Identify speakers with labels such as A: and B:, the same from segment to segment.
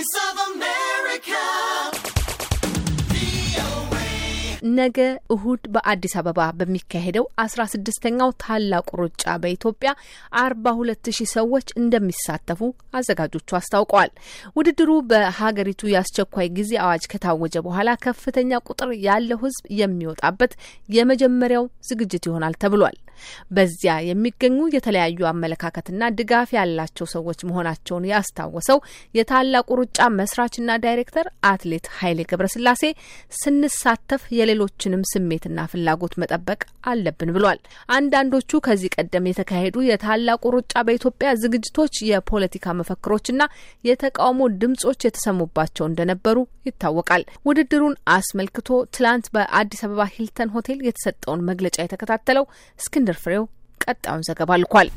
A: Voice
B: ነገ እሁድ በአዲስ አበባ በሚካሄደው አስራ ስድስተኛው ታላቁ ሩጫ በኢትዮጵያ አርባ ሁለት ሺህ ሰዎች እንደሚሳተፉ አዘጋጆቹ አስታውቀዋል። ውድድሩ በሀገሪቱ የአስቸኳይ ጊዜ አዋጅ ከታወጀ በኋላ ከፍተኛ ቁጥር ያለው ሕዝብ የሚወጣበት የመጀመሪያው ዝግጅት ይሆናል ተብሏል። በዚያ የሚገኙ የተለያዩ አመለካከትና ድጋፍ ያላቸው ሰዎች መሆናቸውን ያስታወሰው የታላቁ ሩጫ መስራችና ዳይሬክተር አትሌት ኃይሌ ገብረስላሴ ስንሳተፍ የሌሎችንም ስሜትና ፍላጎት መጠበቅ አለብን ብሏል። አንዳንዶቹ ከዚህ ቀደም የተካሄዱ የታላቁ ሩጫ በኢትዮጵያ ዝግጅቶች የፖለቲካ መፈክሮችና የተቃውሞ ድምጾች የተሰሙባቸው እንደነበሩ ይታወቃል። ውድድሩን አስመልክቶ ትላንት በአዲስ አበባ ሂልተን ሆቴል የተሰጠውን መግለጫ የተከታተለው እስክንድር እስክንድር ፍሬው ቀጣዩን ዘገባ ልኳል።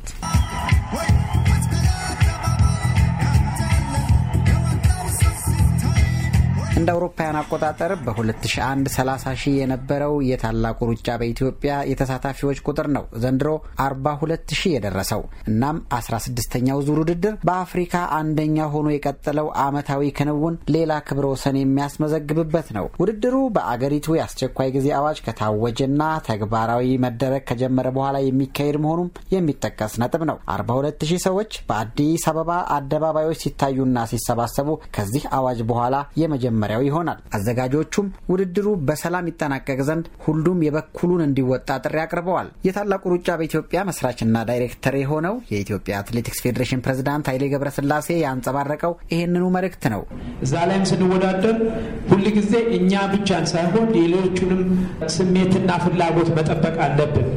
A: እንደ አውሮፓውያን አቆጣጠር በ2001 30 ሺህ የነበረው የታላቁ ሩጫ በኢትዮጵያ የተሳታፊዎች ቁጥር ነው ዘንድሮ 42 ሺህ የደረሰው። እናም 16ኛው ዙር ውድድር በአፍሪካ አንደኛ ሆኖ የቀጠለው ዓመታዊ ክንውን ሌላ ክብረ ወሰን የሚያስመዘግብበት ነው። ውድድሩ በአገሪቱ የአስቸኳይ ጊዜ አዋጅ ከታወጀና ተግባራዊ መደረግ ከጀመረ በኋላ የሚካሄድ መሆኑም የሚጠቀስ ነጥብ ነው። 42 ሺህ ሰዎች በአዲስ አበባ አደባባዮች ሲታዩና ሲሰባሰቡ ከዚህ አዋጅ በኋላ የመጀመሪያ መመሪያው ይሆናል። አዘጋጆቹም ውድድሩ በሰላም ይጠናቀቅ ዘንድ ሁሉም የበኩሉን እንዲወጣ ጥሪ አቅርበዋል። የታላቁ ሩጫ በኢትዮጵያ መስራችና ዳይሬክተር የሆነው የኢትዮጵያ አትሌቲክስ ፌዴሬሽን ፕሬዝዳንት ኃይሌ ገብረስላሴ ያንጸባረቀው ይህንኑ መልእክት ነው።
C: እዛ ላይም ስንወዳደር ሁልጊዜ እኛ ብቻን ሳይሆን ሌሎቹንም ስሜትና ፍላጎት መጠበቅ አለብን።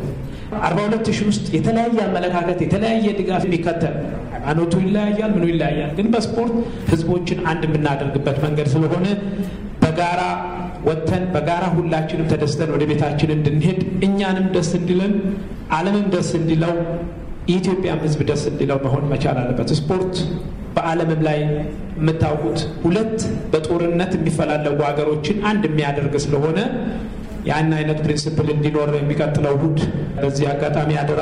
C: አርባ ሁለት ሺህ ውስጥ የተለያየ አመለካከት የተለያየ ድጋፍ የሚከተል ሃይማኖቱ ይለያያል፣ ምኑ ይለያያል። ግን በስፖርት ህዝቦችን አንድ የምናደርግበት መንገድ ስለሆነ በጋራ ወጥተን በጋራ ሁላችንም ተደስተን ወደ ቤታችን እንድንሄድ እኛንም ደስ እንዲለን ዓለምም ደስ እንዲለው የኢትዮጵያም ህዝብ ደስ እንዲለው መሆን መቻል አለበት። ስፖርት በዓለምም ላይ የምታውቁት ሁለት በጦርነት የሚፈላለጉ ሀገሮችን አንድ የሚያደርግ ስለሆነ ያን አይነት ፕሪንስፕል እንዲኖር የሚቀጥለው እሁድ በዚህ አጋጣሚ አደራ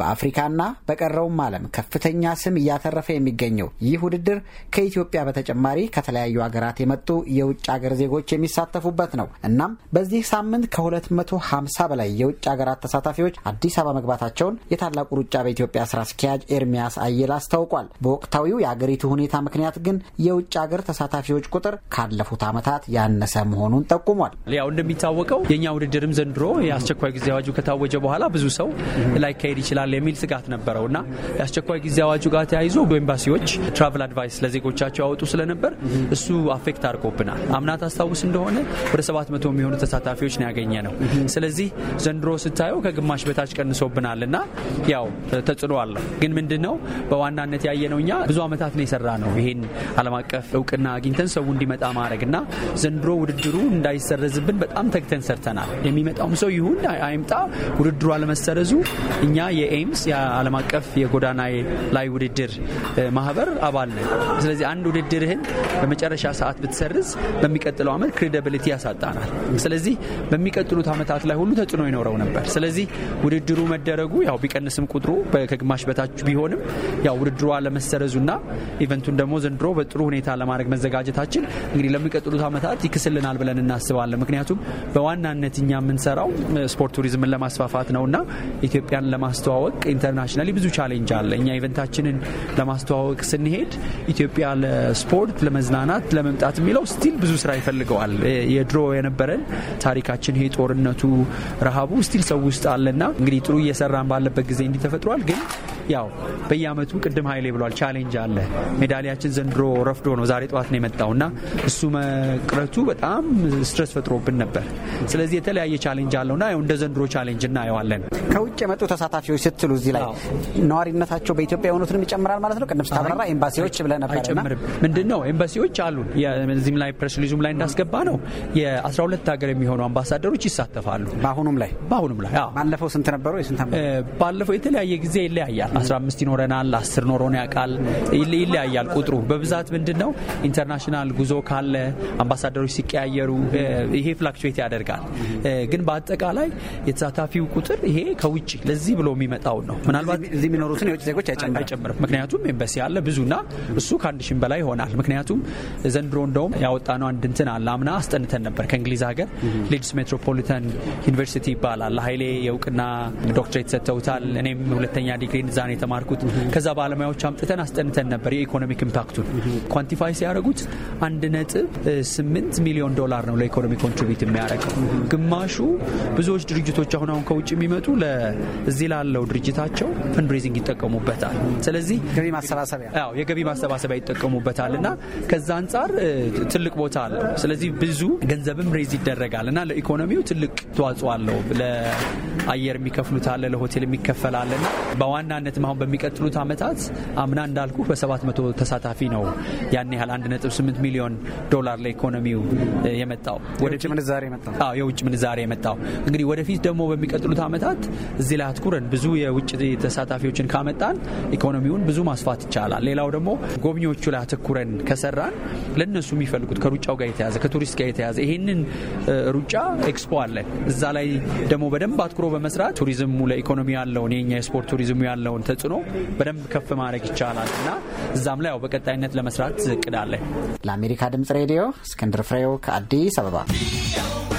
A: በአፍሪካና በቀረውም ዓለም ከፍተኛ ስም እያተረፈ የሚገኘው ይህ ውድድር ከኢትዮጵያ በተጨማሪ ከተለያዩ ሀገራት የመጡ የውጭ ሀገር ዜጎች የሚሳተፉበት ነው። እናም በዚህ ሳምንት ከ250 በላይ የውጭ ሀገራት ተሳታፊዎች አዲስ አበባ መግባታቸውን የታላቁ ሩጫ በኢትዮጵያ ስራ አስኪያጅ ኤርሚያስ አየል አስታውቋል። በወቅታዊው የአገሪቱ ሁኔታ ምክንያት ግን የውጭ ሀገር ተሳታፊዎች ቁጥር ካለፉት ዓመታት ያነሰ መሆኑን ጠቁሟል።
D: ያው እንደሚታወቀው የእኛ ውድድርም ዘንድሮ የአስቸኳይ ጊዜ አዋጁ ከታወጀ በኋላ ብዙ ሰው ላይካሄድ ይችላል የሚል ስጋት ነበረው እና የአስቸኳይ ጊዜ አዋጁ ጋር ተያይዞ በኤምባሲዎች ትራቭል አድቫይስ ለዜጎቻቸው ያወጡ ስለነበር እሱ አፌክት አድርጎብናል። አምና ታስታውስ እንደሆነ ወደ 700 የሚሆኑ ተሳታፊዎች ነው ያገኘ ነው። ስለዚህ ዘንድሮ ስታየው ከግማሽ በታች ቀንሶብናል እና ያው ተጽዕኖ አለው። ግን ምንድን ነው በዋናነት ያየነው እኛ ብዙ አመታት ነው የሰራ ነው ይሄን ዓለም አቀፍ እውቅና አግኝተን ሰው እንዲመጣ ማድረግ እና ዘንድሮ ውድድሩ እንዳይሰረዝብን በጣም ተግተን ሰርተናል። የሚመጣውም ሰው ይሁን አይምጣ ውድድሩ አለመሰረዙ እኛ የኤምስ የዓለም አቀፍ የጎዳና ላይ ውድድር ማህበር አባል ነን። ስለዚህ አንድ ውድድርህን በመጨረሻ ሰዓት ብትሰርዝ በሚቀጥለው ዓመት ክሬዲብሊቲ ያሳጣናል። ስለዚህ በሚቀጥሉት ዓመታት ላይ ሁሉ ተጽዕኖ ይኖረው ነበር። ስለዚህ ውድድሩ መደረጉ ያው ቢቀንስም ቁጥሩ ከግማሽ በታች ቢሆንም ያው ውድድሩ አለመሰረዙና ኢቨንቱን ደግሞ ዘንድሮ በጥሩ ሁኔታ ለማድረግ መዘጋጀታችን እንግዲህ ለሚቀጥሉት ዓመታት ይክስልናል ብለን እናስባለን። ምክንያቱም በዋና በዋናነት እኛ የምንሰራው ስፖርት ቱሪዝምን ለማስፋፋት ነውና ኢትዮጵያን ለማስተዋወቅ ኢንተርናሽናሊ ብዙ ቻሌንጅ አለ። እኛ ኢቨንታችንን ለማስተዋወቅ ስንሄድ ኢትዮጵያ ለስፖርት ለመዝናናት ለመምጣት የሚለው ስቲል ብዙ ስራ ይፈልገዋል። የድሮ የነበረን ታሪካችን ይሄ ጦርነቱ፣ ረሃቡ ስቲል ሰው ውስጥ አለና እንግዲህ ጥሩ እየሰራን ባለበት ጊዜ እንዲህ ተፈጥሯል ግን ያው በየአመቱ ቅድም ሀይሌ ብሏል ቻሌንጅ አለ። ሜዳሊያችን ዘንድሮ ረፍዶ ነው ዛሬ ጠዋት ነው የመጣው እና እሱ መቅረቱ በጣም ስትረስ ፈጥሮብን ነበር። ስለዚህ የተለያየ ቻሌንጅ አለው ና እንደ ዘንድሮ ቻሌንጅ እናየዋለን።
A: ከውጭ የመጡ ተሳታፊዎች ስትሉ እዚህ ላይ ነዋሪነታቸው በኢትዮጵያ የሆኑትንም ይጨምራል ማለት ነው። ቅድም ስታብራራ ኤምባሲዎች ብለህ ነበር። አይጨምርም
D: ምንድን ነው ኤምባሲዎች አሉ። እዚህም ላይ ፕሬስ ሊዙም ላይ እንዳስገባ ነው የ12 ሀገር የሚሆኑ አምባሳደሮች ይሳተፋሉ። በአሁኑም ላይ በአሁኑም ላይ ባለፈው ስንት ነበሩ? ባለፈው የተለያየ ጊዜ ይለያያል። 15 ይኖረናል፣ 10 ኖሮን ያውቃል። ይለያያል ቁጥሩ። በብዛት ምንድን ነው ኢንተርናሽናል ጉዞ ካለ አምባሳደሮች ሲቀያየሩ ይሄ ፍላክቹዌት ያደርጋል። ግን በአጠቃላይ የተሳታፊው ቁጥር ይሄ ከውጭ ለዚህ ብሎ የሚመጣውን ነው። ምናልባት እዚህ የሚኖሩትን የውጭ ዜጎች አይጨምርም። ምክንያቱም ኤምባሲ ያለ ብዙና እሱ ከአንድ ሺህ በላይ ይሆናል። ምክንያቱም ዘንድሮ እንደውም ነው አንድ እንትን አለ። አምና አስጠንተን ነበር ከእንግሊዝ ሀገር ሊድስ ሜትሮፖሊታን ዩኒቨርሲቲ ይባላል። ሀይሌ የእውቅና ዶክትሬት ሰጥተውታል። እኔም ሁለተኛ ዲግሪ ነው የተማርኩት። ከዛ ባለሙያዎች አምጥተን አስጠንተን ነበር የኢኮኖሚክ ኢምፓክቱን ኳንቲፋይ ሲያደረጉት አንድ ነጥብ ስምንት ሚሊዮን ዶላር ነው ለኢኮኖሚ ኮንትሪቢዩት የሚያደርገው። ግማሹ ብዙዎች ድርጅቶች አሁን አሁን ከውጭ የሚመጡ እዚህ ላለው ድርጅታቸው ፈንድሬዚንግ ይጠቀሙበታል። ስለዚህ የገቢ ማሰባሰቢያ ይጠቀሙበታል እና ከዛ አንጻር ትልቅ ቦታ አለው። ስለዚህ ብዙ ገንዘብም ሬዝ ይደረጋል እና ለኢኮኖሚው ትልቅ ተዋጽኦ አለው። ለአየር የሚከፍሉት አለ፣ ለሆቴል የሚከፈል አለ እና በዋናነት ማለትም አሁን በሚቀጥሉት ዓመታት አምና እንዳልኩ በ700 ተሳታፊ ነው ያን ያህል 1.8 ሚሊዮን ዶላር ለኢኮኖሚው የመጣው የውጭ ምንዛሬ የውጭ ምንዛሬ የመጣው እንግዲህ ወደፊት ደግሞ በሚቀጥሉት ዓመታት እዚህ ላይ አትኩረን ብዙ የውጭ ተሳታፊዎችን ካመጣን ኢኮኖሚውን ብዙ ማስፋት ይቻላል። ሌላው ደግሞ ጎብኚዎቹ ላይ አትኩረን ከሰራን ለእነሱ የሚፈልጉት ከሩጫው ጋር የተያዘ ከቱሪስት ጋር የተያዘ ይህንን ሩጫ ኤክስፖ አለን እዛ ላይ ደግሞ በደንብ አትኩሮ በመስራት ቱሪዝሙ ለኢኮኖሚ ያለውን የኛ የስፖርት ቱሪዝሙ ያለውን ተጽዕኖ በደንብ ከፍ ማድረግ ይቻላል እና እዛም ላይ ያው በቀጣይነት ለመስራት እቅድ
A: ለአሜሪካ ድምጽ ሬዲዮ እስክንድር ፍሬው ከአዲስ አበባ